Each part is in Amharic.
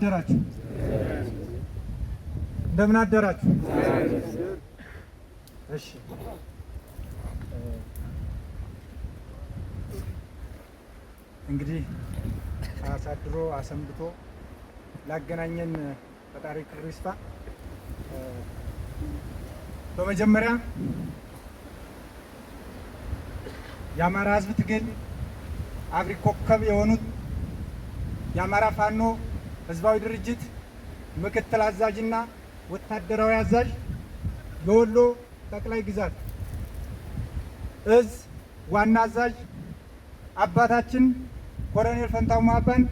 አደራችሁ? እንደምን አደራችሁ? እሺ እንግዲህ አሳድሮ አሰንብቶ ላገናኘን ፈጣሪ ክብር ይስፋ። በመጀመሪያ የአማራ ሕዝብ ትግል አብሪ ኮከብ የሆኑት የአማራ ፋኖ ህዝባዊ ድርጅት ምክትል አዛዥና ወታደራዊ አዛዥ የወሎ ጠቅላይ ግዛት እዝ ዋና አዛዥ አባታችን ኮሎኔል ፈንታው ማባን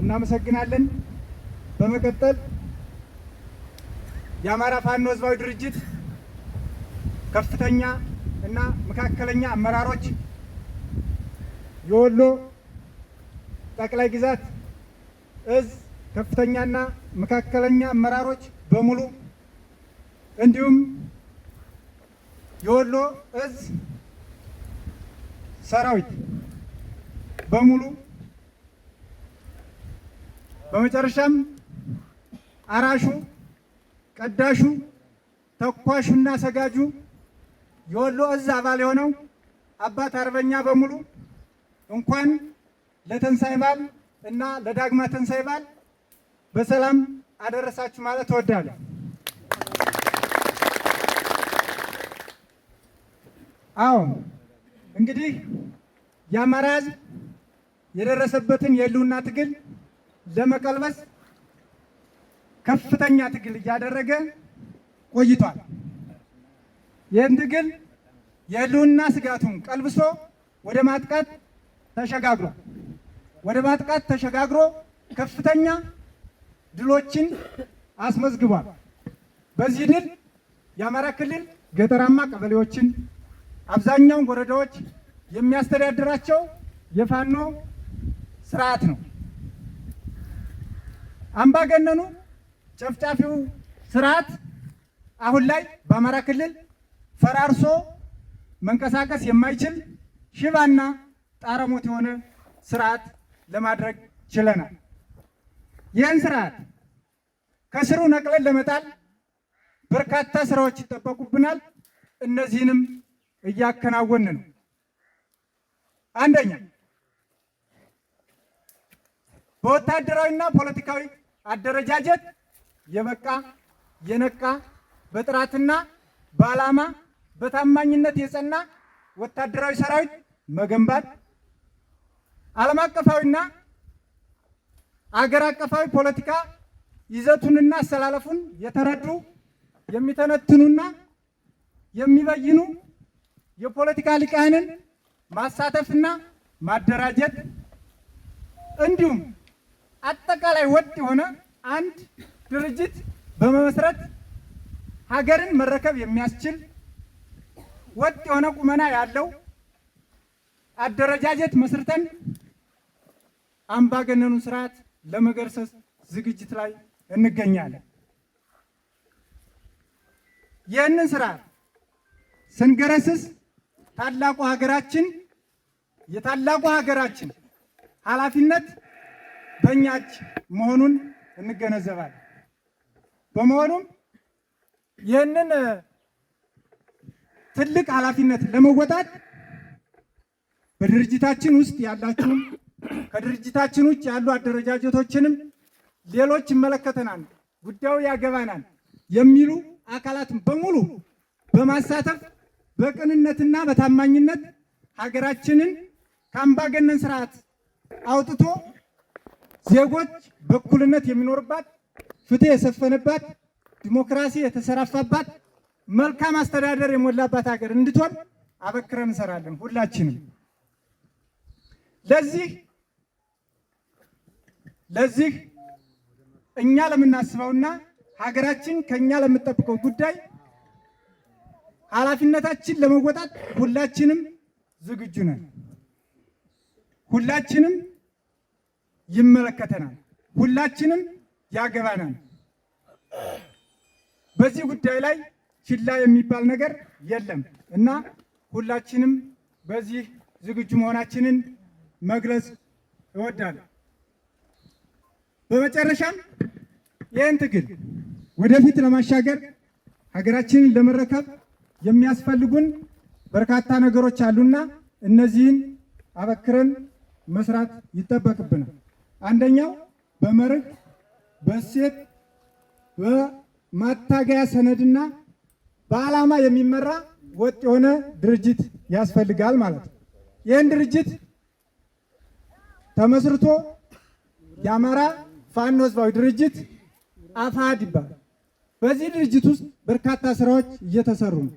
እናመሰግናለን። በመቀጠል የአማራ ፋኖ ህዝባዊ ድርጅት ከፍተኛ እና መካከለኛ አመራሮች፣ የወሎ ጠቅላይ ግዛት እዝ ከፍተኛና መካከለኛ አመራሮች በሙሉ እንዲሁም የወሎ እዝ ሰራዊት በሙሉ በመጨረሻም አራሹ፣ ቀዳሹ፣ ተኳሹና ሰጋጁ የወሎ እዝ አባል የሆነው አባት አርበኛ በሙሉ እንኳን ለትንሳኤ በዓል እና ለዳግማ ትንሳኤ በዓል በሰላም አደረሳችሁ ማለት እወዳለሁ። አዎ እንግዲህ የአማራ ሕዝብ የደረሰበትን የህልውና ትግል ለመቀልበስ ከፍተኛ ትግል እያደረገ ቆይቷል። ይህን ትግል የህልውና ስጋቱን ቀልብሶ ወደ ማጥቃት ተሸጋግሮ ወደ ማጥቃት ተሸጋግሮ ከፍተኛ ድሎችን አስመዝግቧል። በዚህ ድል የአማራ ክልል ገጠራማ ቀበሌዎችን አብዛኛውን ወረዳዎች የሚያስተዳድራቸው የፋኖ ስርዓት ነው። አምባገነኑ ጨፍጫፊው ስርዓት አሁን ላይ በአማራ ክልል ፈራርሶ መንቀሳቀስ የማይችል ሽባና ጣረሞት የሆነ ስርዓት ለማድረግ ችለናል። ይህን ስርዓት ከስሩ ነቅለን ለመጣል በርካታ ስራዎች ይጠበቁብናል። እነዚህንም እያከናወን ነው። አንደኛ በወታደራዊና ፖለቲካዊ አደረጃጀት የበቃ የነቃ በጥራትና በዓላማ በታማኝነት የጸና ወታደራዊ ሰራዊት መገንባት ዓለም አቀፋዊና አገር አቀፋዊ ፖለቲካ ይዘቱንና አሰላለፉን የተረዱ የሚተነትኑና የሚበይኑ የፖለቲካ ሊቃንን ማሳተፍና ማደራጀት እንዲሁም አጠቃላይ ወጥ የሆነ አንድ ድርጅት በመመስረት ሀገርን መረከብ የሚያስችል ወጥ የሆነ ቁመና ያለው አደረጃጀት መስርተን አምባገነኑን ስርዓት ለመገርሰስ ዝግጅት ላይ እንገኛለን። ይህንን ስራ ስንገረስስ ታላቁ ሀገራችን የታላቁ ሀገራችን ኃላፊነት በእኛች መሆኑን እንገነዘባለን። በመሆኑም ይህንን ትልቅ ኃላፊነት ለመወጣት በድርጅታችን ውስጥ ያላችሁም ከድርጅታችን ውጭ ያሉ አደረጃጀቶችንም ሌሎች ይመለከተናል፣ ጉዳዩ ያገባናል የሚሉ አካላትን በሙሉ በማሳተፍ በቅንነትና በታማኝነት ሀገራችንን ከአምባገነን ስርዓት አውጥቶ ዜጎች በእኩልነት የሚኖርባት፣ ፍትህ የሰፈነባት፣ ዲሞክራሲ የተሰራፋባት፣ መልካም አስተዳደር የሞላባት ሀገር እንድትሆን አበክረን እንሰራለን ሁላችንም ለዚህ ለዚህ እኛ ለምናስበውና ሀገራችን ከኛ ለምጠብቀው ጉዳይ ኃላፊነታችን ለመወጣት ሁላችንም ዝግጁ ነን። ሁላችንም ይመለከተናል። ሁላችንም ያገባናል። በዚህ ጉዳይ ላይ ችላ የሚባል ነገር የለም እና ሁላችንም በዚህ ዝግጁ መሆናችንን መግለጽ እወዳለሁ። በመጨረሻም ይህን ትግል ወደፊት ለማሻገር ሀገራችንን ለመረከብ የሚያስፈልጉን በርካታ ነገሮች አሉና እነዚህን አበክረን መስራት ይጠበቅብናል። አንደኛው በመርህ በእሴት በማታገያ ሰነድና በዓላማ የሚመራ ወጥ የሆነ ድርጅት ያስፈልጋል ማለት ነው። ይህን ድርጅት ተመስርቶ የአማራ ፋኖ ህዝባዊ ድርጅት አፋሕድ ይባላል። በዚህ ድርጅት ውስጥ በርካታ ስራዎች እየተሰሩ ነው፣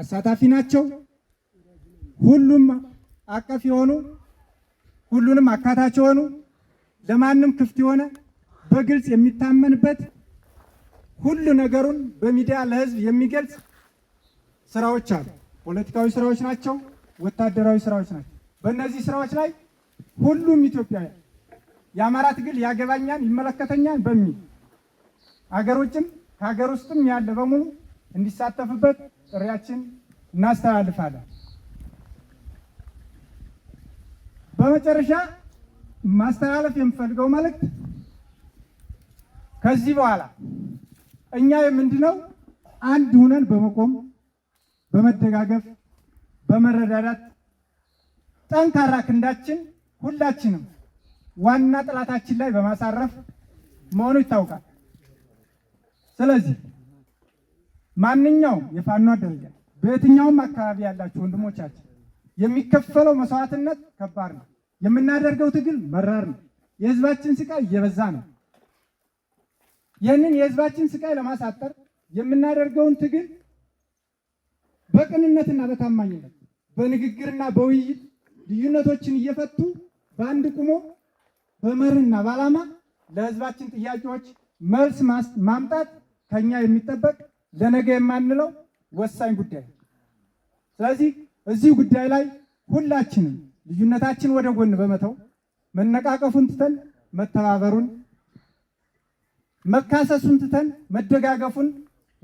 አሳታፊ ናቸው። ሁሉም አቀፍ የሆኑ ሁሉንም አካታች የሆኑ ለማንም ክፍት የሆነ በግልጽ የሚታመንበት ሁሉ ነገሩን በሚዲያ ለህዝብ የሚገልጽ ስራዎች አሉ። ፖለቲካዊ ስራዎች ናቸው፣ ወታደራዊ ስራዎች ናቸው። በእነዚህ ስራዎች ላይ ሁሉም ኢትዮጵያውያን የአማራ ትግል ያገባኛል፣ ይመለከተኛል በሚል አገር ውጭም ከሀገር ውስጥም ያለ በሙሉ እንዲሳተፍበት ጥሪያችን እናስተላልፋለን። በመጨረሻ ማስተላለፍ የምፈልገው መልእክት ከዚህ በኋላ እኛ የምንድነው አንድ ሁነን በመቆም በመደጋገፍ በመረዳዳት ጠንካራ ክንዳችን ሁላችንም ዋና ጠላታችን ላይ በማሳረፍ መሆኑ ይታወቃል። ስለዚህ ማንኛውም የፋኖ ደረጃ በየትኛውም አካባቢ ያላችሁ ወንድሞቻችን የሚከፈለው መስዋዕትነት ከባድ ነው። የምናደርገው ትግል መራር ነው። የህዝባችን ስቃይ እየበዛ ነው። ይህንን የህዝባችን ስቃይ ለማሳጠር የምናደርገውን ትግል በቅንነትና በታማኝነት በንግግርና በውይይት ልዩነቶችን እየፈቱ በአንድ ቁሞ በመርህና በዓላማ ለህዝባችን ጥያቄዎች መልስ ማምጣት ከኛ የሚጠበቅ ለነገ የማንለው ወሳኝ ጉዳይ። ስለዚህ እዚህ ጉዳይ ላይ ሁላችንም ልዩነታችን ወደ ጎን በመተው መነቃቀፉን ትተን መተባበሩን፣ መካሰሱን ትተን መደጋገፉን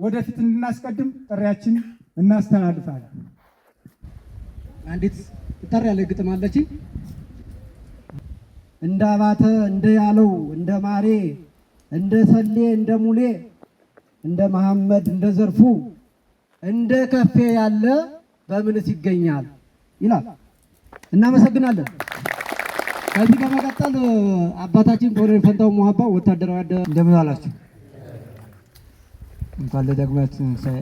ወደፊት እንድናስቀድም ጥሪያችን እናስተላልፋለን። አንዲት ጠር ያለ ግጥም አለችኝ። እንደ አባተ፣ እንደ ያለው፣ እንደ ማሬ፣ እንደ ሰሌ፣ እንደ ሙሌ፣ እንደ መሐመድ፣ እንደ ዘርፉ፣ እንደ ከፌ ያለ በምንስ ይገኛል ይላል። እናመሰግናለን። ከዚህ በመቀጠል አባታችን ኮሎኔል ፈንታው ሞሀባ ወታደራዊ አደ እንደምን አላችሁ? እንኳን ለደግመት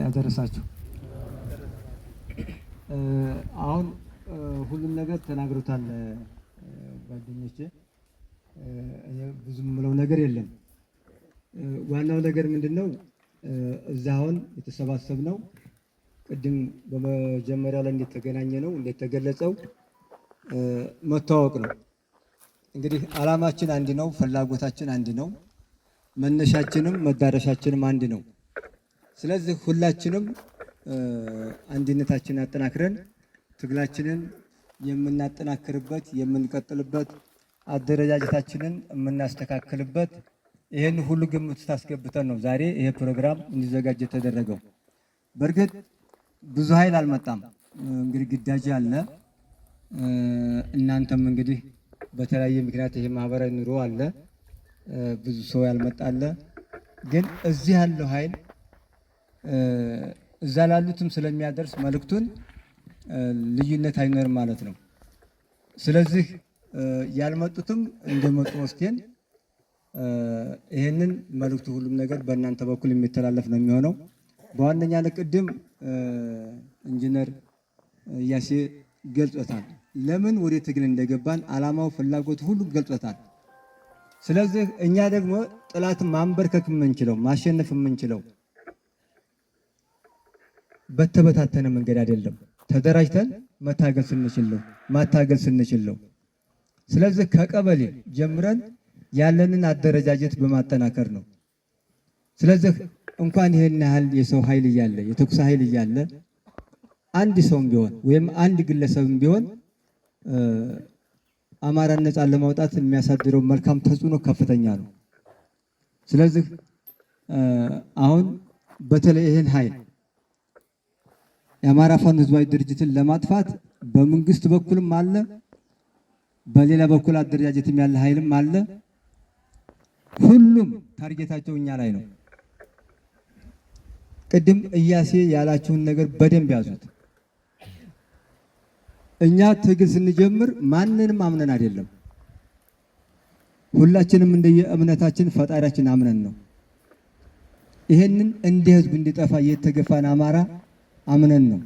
አደረሳችሁ። አሁን ሁሉም ነገር ተናግሮታል ጓደኞቼ። ብዙ ምለው ነገር የለም። ዋናው ነገር ምንድን ነው? እዛ አሁን የተሰባሰብ ነው ቅድም በመጀመሪያ ላይ እንደተገናኘ ነው እንደተገለጸው መተዋወቅ ነው። እንግዲህ አላማችን አንድ ነው፣ ፍላጎታችን አንድ ነው፣ መነሻችንም መዳረሻችንም አንድ ነው። ስለዚህ ሁላችንም አንድነታችንን አጠናክረን ትግላችንን የምናጠናክርበት የምንቀጥልበት አደረጃጀታችንን የምናስተካክልበት ይህን ሁሉ ግምት ታስገብተን ነው ዛሬ ይሄ ፕሮግራም እንዲዘጋጅ የተደረገው። በእርግጥ ብዙ ኃይል አልመጣም። እንግዲህ ግዳጅ አለ። እናንተም እንግዲህ በተለያየ ምክንያት ይሄ ማህበራዊ ኑሮ አለ፣ ብዙ ሰው ያልመጣለ። ግን እዚህ ያለው ኃይል እዛ ላሉትም ስለሚያደርስ መልእክቱን ልዩነት አይኖርም ማለት ነው። ስለዚህ ያልመጡትም እንደመጡ ወስደን ይህንን መልእክቱ ሁሉም ነገር በእናንተ በኩል የሚተላለፍ ነው የሚሆነው። በዋነኛ ቅድም ኢንጂነር እያሴ ገልጾታል። ለምን ወደ ትግል እንደገባን አላማው ፍላጎቱ ሁሉም ገልጾታል። ስለዚህ እኛ ደግሞ ጥላትን ማንበርከክ የምንችለው ማሸነፍ የምንችለው በተበታተነ መንገድ አይደለም፣ ተደራጅተን መታገል ስንችል ነው ማታገል ስንችል ነው። ስለዚህ ከቀበሌ ጀምረን ያለንን አደረጃጀት በማጠናከር ነው። ስለዚህ እንኳን ይሄን ያህል የሰው ኃይል እያለ የተኩስ ኃይል እያለ አንድ ሰውም ቢሆን ወይም አንድ ግለሰብም ቢሆን አማራን ነፃ ለማውጣት የሚያሳድረው መልካም ተጽዕኖ ከፍተኛ ነው። ስለዚህ አሁን በተለይ ይህን ኃይል የአማራ ፋኖ ህዝባዊ ድርጅትን ለማጥፋት በመንግስት በኩልም አለ በሌላ በኩል አደረጃጀትም ያለ ኃይልም አለ። ሁሉም ታርጌታቸው እኛ ላይ ነው። ቅድም እያሴ ያላችሁን ነገር በደንብ ያዙት። እኛ ትግል ስንጀምር ማንንም አምነን አይደለም። ሁላችንም እንደየ እምነታችን ፈጣሪያችን አምነን ነው። ይሄንን እንደ ህዝብ እንዲጠፋ የተገፋን አማራ አምነን ነው።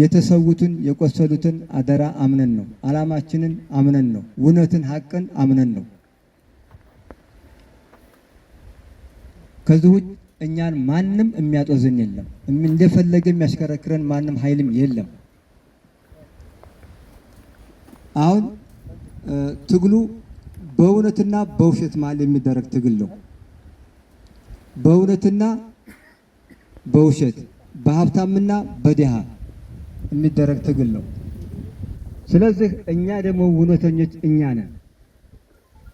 የተሰዉትን የቆሰሉትን አደራ አምነን ነው። ዓላማችንን አምነን ነው። እውነትን ሀቅን አምነን ነው። ከዚህ ውጭ እኛን ማንም የሚያጦዘን የለም። እንደፈለገ የሚያሽከረክረን ማንም ኃይልም የለም። አሁን ትግሉ በእውነትና በውሸት መሀል የሚደረግ ትግል ነው። በእውነትና በውሸት በሀብታምና በድሃ የሚደረግ ትግል ነው። ስለዚህ እኛ ደግሞ እውነተኞች እኛ ነን።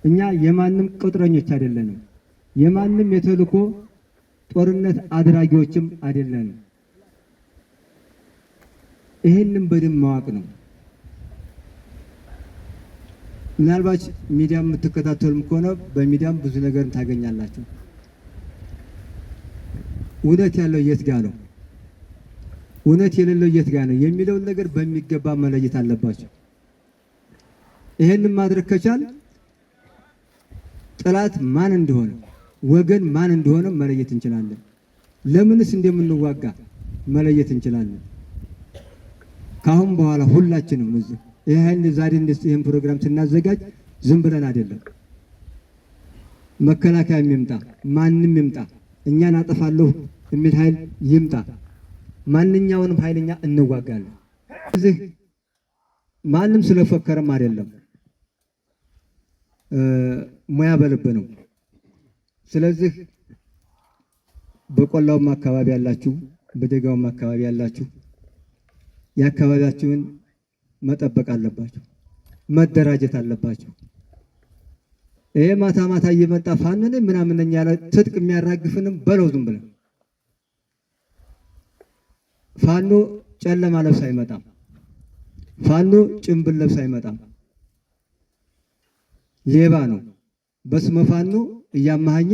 እኛ የማንም ቁጥረኞች አይደለንም። የማንም የተልእኮ ጦርነት አድራጊዎችም አይደለንም። ይህንም በደንብ ማወቅ ነው። ምናልባት ሚዲያም የምትከታተሉም ከሆነ በሚዲያም ብዙ ነገርም ታገኛላችሁ። እውነት ያለው የት ጋ ነው? እውነት የሌለው የት ጋር ነው የሚለውን ነገር በሚገባ መለየት አለባቸው። ይህንን ማድረግ ከቻል ጠላት ማን እንደሆነ ወገን ማን እንደሆነ መለየት እንችላለን። ለምንስ እንደምንዋጋ መለየት እንችላለን። ካሁን በኋላ ሁላችንም እዚህ ይህን ዛሬ ይህን ፕሮግራም ስናዘጋጅ ዝም ብለን አይደለም። መከላከያ የሚምጣ ማንም ይምጣ እኛን አጠፋለሁ የሚል ኃይል ይምጣ ማንኛውንም ኃይለኛ እንዋጋለን። እዚህ ማንም ስለፈከረም አይደለም፣ ሙያ በልብ ነው። ስለዚህ በቆላውም አካባቢ ያላችሁ፣ በደጋውም አካባቢ ያላችሁ የአካባቢያችሁን መጠበቅ አለባችሁ፣ መደራጀት አለባችሁ። ይሄ ማታ ማታ እየመጣ ፋኖ ምናምን ያለ ትጥቅ የሚያራግፍንም በለው ዝም ብለን ፋኖ ጨለማ ለብስ አይመጣም። ፋኖ ጭንብል ለብስ አይመጣም። ሌባ ነው። በስመ ፋኖ እያመሃኘ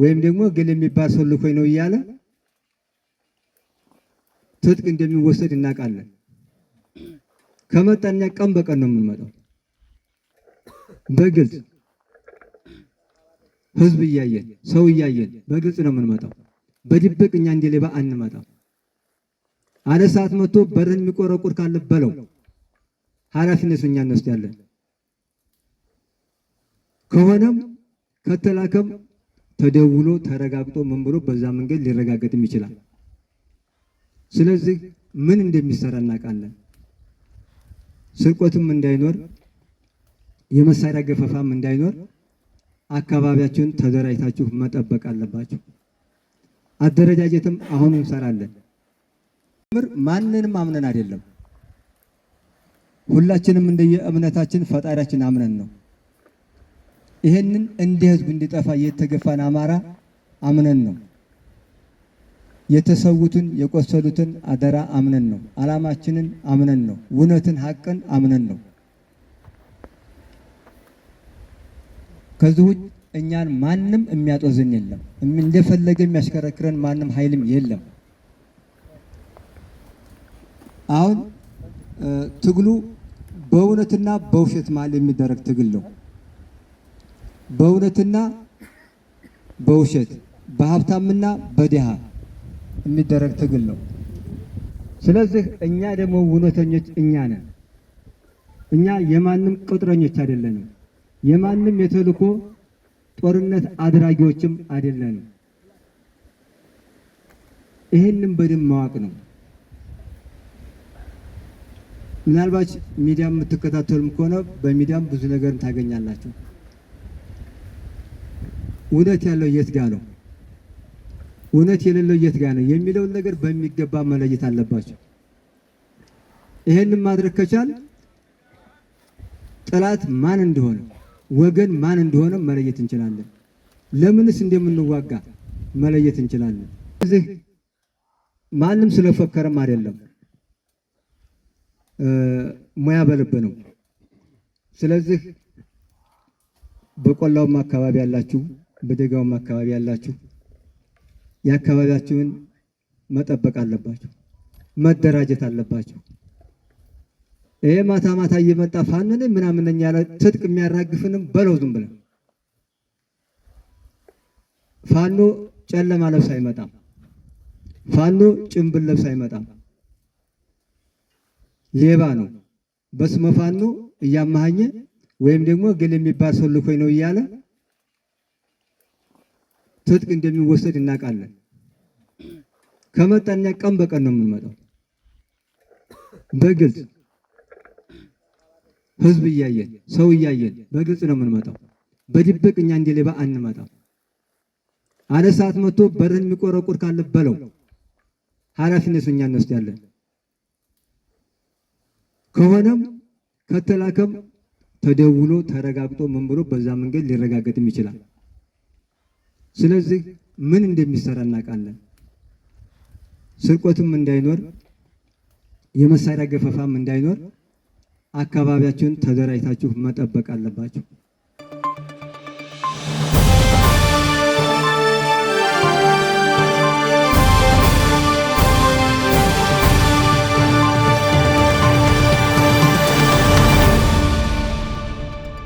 ወይም ደግሞ ግል የሚባል ሰው ልኮኝ ነው እያለ ትጥቅ እንደሚወሰድ እናውቃለን። ከመጣኛ ቀን በቀን ነው የምንመጣው። በግልጽ ህዝብ እያየን ሰው እያየን በግልጽ ነው የምንመጣው። በድብቅ እኛ እንደ ሌባ አንመጣም። አለ ሰዓት መጥቶ በርህን የሚቆረቁር ካለ በለው። ኃላፊነት እኛ እንወስዳለን። ከሆነም ከተላከም ተደውሎ ተረጋግጦ ምን ብሎ በዛ መንገድ ሊረጋገጥም ይችላል። ስለዚህ ምን እንደሚሰራ እናውቃለን። ስርቆትም እንዳይኖር የመሳሪያ ገፈፋም እንዳይኖር አካባቢያችሁን ተደራጅታችሁ መጠበቅ አለባችሁ። አደረጃጀትም አሁን እንሰራለን። ምር ማንንም አምነን አይደለም። ሁላችንም እንደየ እምነታችን ፈጣሪያችን አምነን ነው። ይህንን እንደ ህዝብ እንዲጠፋ የተገፋን አማራ አምነን ነው። የተሰዉትን የቆሰሉትን አደራ አምነን ነው። አላማችንን አምነን ነው። እውነትን ሀቅን አምነን ነው። ከዚህ ውጭ እኛን ማንም የሚያጦዝን የለም። እንደፈለገ የሚያሽከረክረን ማንም ኃይልም የለም። አሁን ትግሉ በእውነትና በውሸት መሀል የሚደረግ ትግል ነው። በእውነትና በውሸት በሀብታምና በድሃ የሚደረግ ትግል ነው። ስለዚህ እኛ ደግሞ እውነተኞች እኛ ነን። እኛ የማንም ቅጥረኞች አይደለንም። የማንም የተልእኮ ጦርነት አድራጊዎችም አይደለንም። ይህንም በደንብ ማወቅ ነው። ምናልባት ሚዲያም የምትከታተሉም ከሆነ በሚዲያም ብዙ ነገር ታገኛላችሁ። እውነት ያለው የት ጋ ነው፣ እውነት የሌለው የት ጋ ነው የሚለውን ነገር በሚገባ መለየት አለባቸው። ይሄንን ማድረግ ከቻል ጠላት ማን እንደሆነ ወገን ማን እንደሆነ መለየት እንችላለን። ለምንስ እንደምንዋጋ መለየት እንችላለን። እዚህ ማንም ስለፈከረም አይደለም ሙያ በልብ ነው። ስለዚህ በቆላውም አካባቢ ያላችሁ፣ በደጋውም አካባቢ ያላችሁ የአካባቢያችሁን መጠበቅ አለባችሁ፣ መደራጀት አለባችሁ። ይሄ ማታ ማታ እየመጣ ፋንን ምናምን ያለ ትጥቅ የሚያራግፍንም በለው ዝም ብለን ፋኖ ጨለማ ለብስ አይመጣም። ፋኖ ጭንብል ለብስ አይመጣም። ሌባ ነው፣ በስመ ፋኖ እያመሃኘ ወይም ደግሞ ግል የሚባል ሰው ልኮኝ ነው እያለ ትጥቅ እንደሚወሰድ እናውቃለን። ከመጣኛ ቀን በቀን ነው የምንመጣው። በግልጽ ህዝብ እያየን ሰው እያየን በግልጽ ነው የምንመጣው። በድብቅ እኛ እንደ ሌባ አንመጣም። አለ ሰዓት መጥቶ በርን የሚቆረቁር ካለ በለው ኃላፊነት እኛ እንወስዳለን። ከሆነም ከተላከም ተደውሎ ተረጋግጦ ምን ብሎ በዛ መንገድ ሊረጋገጥም ይችላል። ስለዚህ ምን እንደሚሰራ እናውቃለን። ስርቆትም እንዳይኖር የመሳሪያ ገፈፋም እንዳይኖር አካባቢያችሁን ተደራጅታችሁ መጠበቅ አለባችሁ።